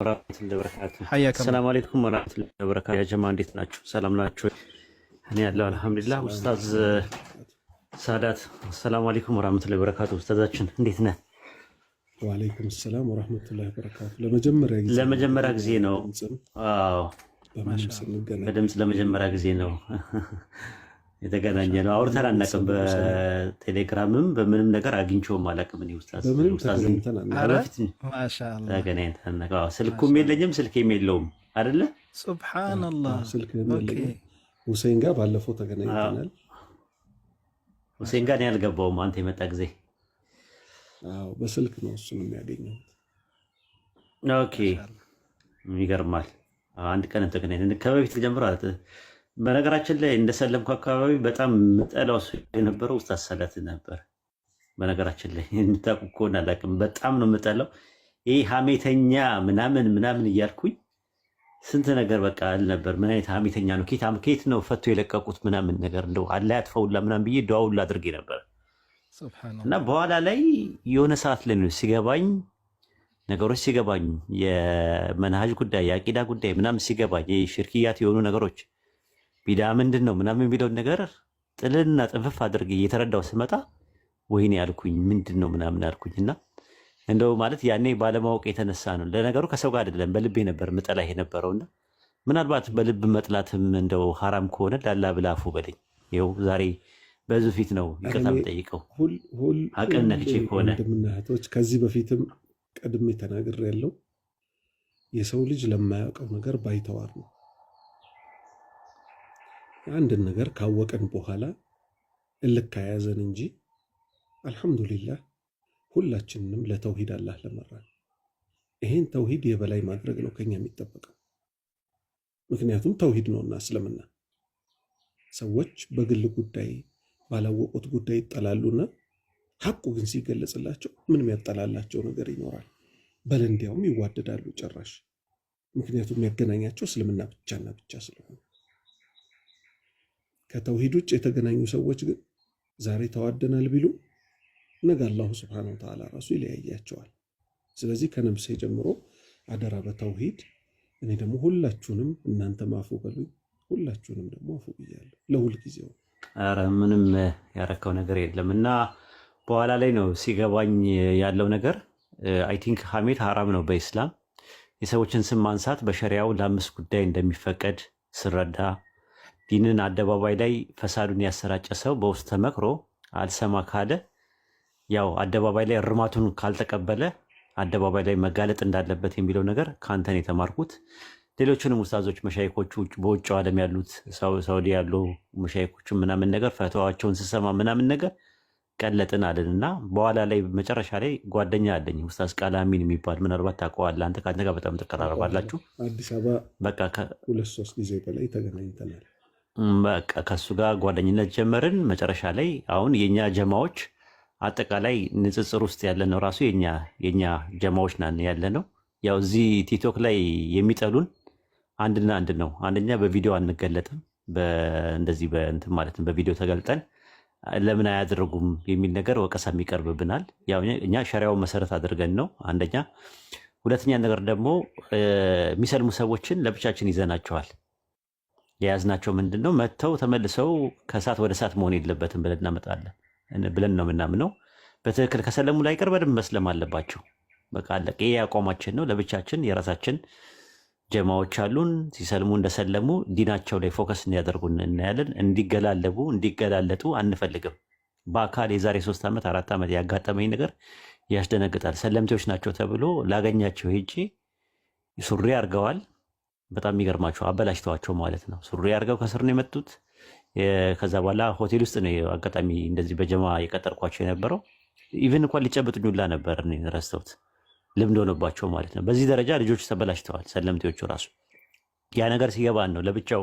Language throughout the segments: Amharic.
ወራህመቱላሂ ወበረካቱህ። ሰላም አለይኩም ወራህመቱላሂ ወበረካቱህ። ያ ጀማ እንዴት ናችሁ? ሰላም ናችሁ? እኔ ያለው አልሐምዱሊላህ። ኡስታዝ ሳዳት ሰላም አለይኩም ወራህመቱላሂ ወበረካቱህ። ኡስታዛችን እንዴት ነህ? ወአለይኩም ሰላም ወራህመቱላሂ ወበረካቱ። ለመጀመሪያ ጊዜ ለመጀመሪያ ጊዜ ነው። አዎ በድምጽ ለመጀመሪያ ጊዜ ነው። የተገናኘ ነው። አውርተን አናውቅም። በቴሌግራምም በምንም ነገር አግኝቼውም አላውቅም። እኔ ኡስታዝ ስልኩም የለኝም ስልኬም የለውም አደለ ሱብሓነላህ ሁሴን ጋር ባለፈው ተገናኝተናል። ሁሴን ጋር እኔ አልገባውም። አንተ የመጣ ጊዜ በስልክ ነው እሱን የሚያገኘሁት። ኦኬ ይገርማል። አንድ ቀን ተገናኝ ከበፊት ጀምሮ በነገራችን ላይ እንደሰለምኩ አካባቢ በጣም ምጠላው የነበረው ኡስታዝ ሰላትን ነበር። በነገራችን ላይ የምታውቁ ከሆነ አላውቅም፣ በጣም ነው ምጠላው። ይህ ሀሜተኛ ምናምን ምናምን እያልኩኝ ስንት ነገር በቃ አል ነበር። ምን አይነት ሀሜተኛ ነው፣ ኬት ነው ፈቶ የለቀቁት ምናምን ነገር እንደው አላህ ያጥፋውላ ምናምን ብዬ ድዋውላ አድርጌ ነበር። እና በኋላ ላይ የሆነ ሰዓት ላይ ነው ሲገባኝ ነገሮች ሲገባኝ የመናሃጅ ጉዳይ የአቂዳ ጉዳይ ምናምን ሲገባኝ ሽርክያት የሆኑ ነገሮች ሚዲያ ምንድን ነው ምናምን የሚለውን ነገር ጥልልና ጥንፍፍ አድርጌ እየተረዳው ስመጣ ወይኔ ያልኩኝ ምንድን ነው ምናምን ያልኩኝ እና እንደው ማለት ያኔ ባለማወቅ የተነሳ ነው። ለነገሩ ከሰው ጋር አይደለም በልቤ ነበር ምጠላ የነበረውና ምናልባት በልብ መጥላትም እንደው ሀራም ከሆነ ላላ ብላፉ አፉ በለኝ። ይኸው ዛሬ በዙ ፊት ነው ይቅርታ የምጠይቀው አቅም ነክቼ ከሆነ ወንድምና ከዚህ በፊትም ቀድሜ ተናግሬ ያለው የሰው ልጅ ለማያውቀው ነገር ባይተዋር ነው። አንድን ነገር ካወቀን በኋላ እልክ እንጂ አልሐምዱሊላህ ሁላችንንም ለተውሂድ አላህ ለመራን። ይሄን ተውሂድ የበላይ ማድረግ ነው ከኛ የሚጠበቀው። ምክንያቱም ተውሂድ ነውና እስልምና። ሰዎች በግል ጉዳይ ባላወቁት ጉዳይ ይጠላሉና ሐቁ ግን ሲገለጽላቸው ምንም ያጠላላቸው ነገር ይኖራል? በል እንዲያውም ይዋደዳሉ ጭራሽ። ምክንያቱም ያገናኛቸው እስልምና ብቻና ብቻ ስለሆነ ከተውሂድ ውጭ የተገናኙ ሰዎች ግን ዛሬ ተዋደናል ቢሉ ነገ አላሁ ስብሓነሁ ወተዓላ ራሱ ይለያያቸዋል። ስለዚህ ከነፍሴ ጀምሮ አደራ በተውሂድ እኔ ደግሞ ሁላችሁንም እናንተም አፉ በሉኝ፣ ሁላችሁንም ደግሞ አፉ ብያለሁ ለሁልጊዜው። ኧረ ምንም ያረከው ነገር የለም እና በኋላ ላይ ነው ሲገባኝ ያለው ነገር አይ ቲንክ ሀራም ነው በኢስላም የሰዎችን ስም ማንሳት በሸሪያው ለአምስት ጉዳይ እንደሚፈቀድ ስረዳ ዲንን አደባባይ ላይ ፈሳዱን ያሰራጨ ሰው በውስጥ ተመክሮ አልሰማ ካለ ያው አደባባይ ላይ እርማቱን ካልተቀበለ አደባባይ ላይ መጋለጥ እንዳለበት የሚለው ነገር ከአንተን የተማርኩት ሌሎችንም ውስታዞች መሻይኮቹ በውጭ ዓለም ያሉት ሳውዲ ያሉ መሻይኮቹ ምናምን ነገር ፈተዋቸውን ስሰማ ምናምን ነገር ቀለጥን አለን እና በኋላ ላይ መጨረሻ ላይ ጓደኛ አለኝ ውስታዝ ቃላሚን የሚባል ምናልባት ታውቀዋለህ አንተ ከአንተ ጋር በጣም ትቀራረባላችሁ በቃ ሁለት ሶስት ጊዜ በላይ ተገናኝተናል በቃ ከእሱ ጋር ጓደኝነት ጀመርን። መጨረሻ ላይ አሁን የእኛ ጀማዎች አጠቃላይ ንጽጽር ውስጥ ያለ ነው ራሱ የእኛ ጀማዎች ናን ያለ ነው። ያው እዚህ ቲክቶክ ላይ የሚጠሉን አንድና አንድ ነው። አንደኛ በቪዲዮ አንገለጥም፣ እንደዚህ በእንትን ማለት በቪዲዮ ተገልጠን ለምን አያደርጉም የሚል ነገር ወቀሳ ይቀርብብናል። እኛ ሸሪያው መሰረት አድርገን ነው አንደኛ። ሁለተኛ ነገር ደግሞ የሚሰልሙ ሰዎችን ለብቻችን ይዘናቸዋል። የያዝናቸው ምንድን ነው መጥተው ተመልሰው ከእሳት ወደ እሳት መሆን የለበትም ብለን እናመጣለን ብለን ነው የምናምነው። በትክክል ከሰለሙ ላይ ቅር በደንብ መስለም አለባቸው። በቃ አለቀ። አቋማችን ነው። ለብቻችን የራሳችን ጀማዎች አሉን። ሲሰልሙ እንደሰለሙ ዲናቸው ላይ ፎከስ እንዲያደርጉ እናያለን። እንዲገላለቡ እንዲገላለጡ አንፈልግም። በአካል የዛሬ ሶስት ዓመት አራት ዓመት ያጋጠመኝ ነገር ያስደነግጣል። ሰለምቴዎች ናቸው ተብሎ ላገኛቸው ሄጄ ሱሪ አድርገዋል በጣም የሚገርማቸው አበላሽተዋቸው ማለት ነው። ሱሪ አድርገው ከስር ነው የመጡት። ከዛ በኋላ ሆቴል ውስጥ ነው አጋጣሚ እንደዚህ በጀማ የቀጠርኳቸው የነበረው። ኢቨን እንኳን ሊጨብጡኝ ሁላ ነበር ረስተውት፣ ልምድ ሆነባቸው ማለት ነው። በዚህ ደረጃ ልጆች ተበላሽተዋል፣ ሰለምቴዎቹ ራሱ ያ ነገር ሲገባን ነው ለብቻው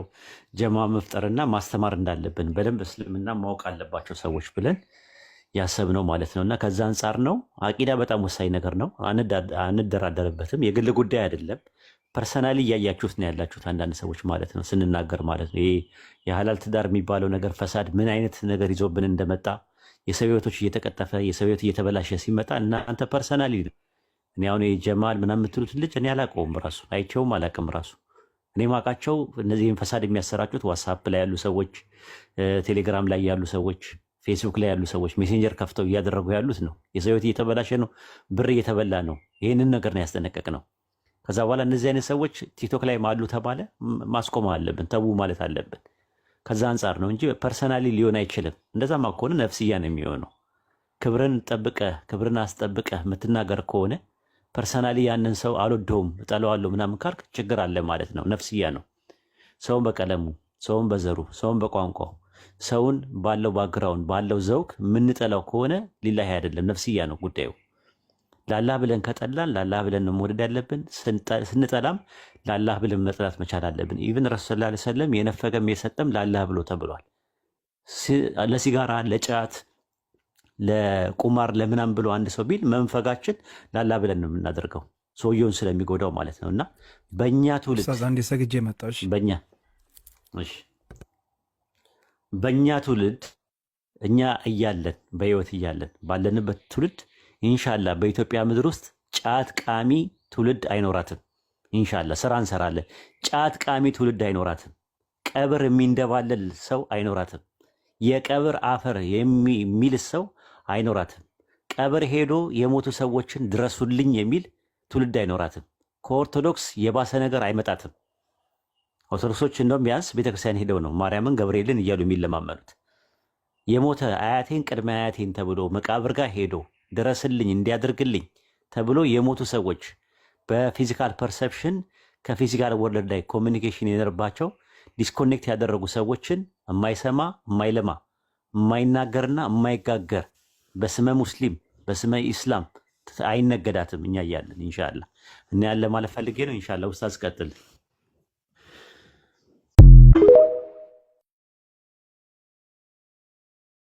ጀማ መፍጠርና ማስተማር እንዳለብን በደንብ እስልምና ማወቅ አለባቸው ሰዎች ብለን ያሰብ ነው ማለት ነው። እና ከዛ አንጻር ነው አቂዳ በጣም ወሳኝ ነገር ነው፣ አንደራደርበትም። የግል ጉዳይ አይደለም። ፐርሰናሊ እያያችሁት ነው ያላችሁት አንዳንድ ሰዎች ማለት ነው ስንናገር ማለት ነው። ይሄ የሀላል ትዳር የሚባለው ነገር ፈሳድ ምን አይነት ነገር ይዞብን እንደመጣ የሰው እየተቀጠፈ የሰው እየተበላሸ ሲመጣ እናንተ ፐርሰናሊ እኔ አሁን የጀማል ምናምን የምትሉት ልጅ እኔ አላውቀውም፣ ራሱ አይቼውም አላውቅም። ራሱ እኔ ማውቃቸው እነዚህን ፈሳድ የሚያሰራጩት ዋትሳፕ ላይ ያሉ ሰዎች፣ ቴሌግራም ላይ ያሉ ሰዎች፣ ፌስቡክ ላይ ያሉ ሰዎች ሜሴንጀር ከፍተው እያደረጉ ያሉት ነው። የሰው እየተበላሸ ነው፣ ብር እየተበላ ነው። ይህንን ነገር ነው ያስጠነቀቅ ነው። ከዛ በኋላ እነዚህ አይነት ሰዎች ቲክቶክ ላይ ማሉ ተባለ፣ ማስቆም አለብን፣ ተዉ ማለት አለብን። ከዛ አንጻር ነው እንጂ ፐርሰናሊ ሊሆን አይችልም። እንደዛማ ከሆነ ነፍስያ ነው የሚሆነው። ክብርን ጠብቀህ ክብርን አስጠብቀህ የምትናገር ከሆነ ፐርሰናሊ ያንን ሰው አልወደውም እጠለዋለሁ ምናምን ካልክ ችግር አለ ማለት ነው። ነፍስያ ነው። ሰውን በቀለሙ ሰውን በዘሩ ሰውን በቋንቋው ሰውን ባለው ባግራውን ባለው ዘውግ የምንጠላው ከሆነ ሊላህ አይደለም፣ ነፍስያ ነው ጉዳዩ። ላላህ ብለን ከጠላን ላላህ ብለን ነው መውደድ ያለብን። ስንጠላም ላላህ ብለን መጥላት መቻል አለብን። ኢብን ረሱ ላ ሰለም የነፈገም የሰጠም ላላህ ብሎ ተብሏል። ለሲጋራ፣ ለጫት፣ ለቁማር ለምናም ብሎ አንድ ሰው ቢል መንፈጋችን ላላ ብለን ነው የምናደርገው ሰውየውን ስለሚጎዳው ማለት ነው። እና በእኛ ትውልድ ሰግጄ መጣች በእኛ በእኛ ትውልድ እኛ እያለን በህይወት እያለን ባለንበት ትውልድ ኢንሻላ በኢትዮጵያ ምድር ውስጥ ጫት ቃሚ ትውልድ አይኖራትም። ኢንሻላ ስራ እንሰራለን። ጫት ቃሚ ትውልድ አይኖራትም። ቀብር የሚንደባለል ሰው አይኖራትም። የቀብር አፈር የሚል ሰው አይኖራትም። ቀብር ሄዶ የሞቱ ሰዎችን ድረሱልኝ የሚል ትውልድ አይኖራትም። ከኦርቶዶክስ የባሰ ነገር አይመጣትም። ኦርቶዶክሶች እንደውም ቢያንስ ቤተክርስቲያን ሄደው ነው ማርያምን ገብርኤልን እያሉ የሚለማመኑት። የሞተ አያቴን ቅድመ አያቴን ተብሎ መቃብር ጋር ሄዶ ድረስልኝ፣ እንዲያደርግልኝ ተብሎ የሞቱ ሰዎች በፊዚካል ፐርሰፕሽን ከፊዚካል ወርልድ ላይ ኮሚኒኬሽን የነርባቸው ዲስኮኔክት ያደረጉ ሰዎችን የማይሰማ የማይለማ የማይናገርና የማይጋገር በስመ ሙስሊም በስመ ኢስላም አይነገዳትም እኛ እያለን እንሻላ እና ያለ ማለት ፈልጌ ነው። እንሻላ ውስጥ አስቀጥል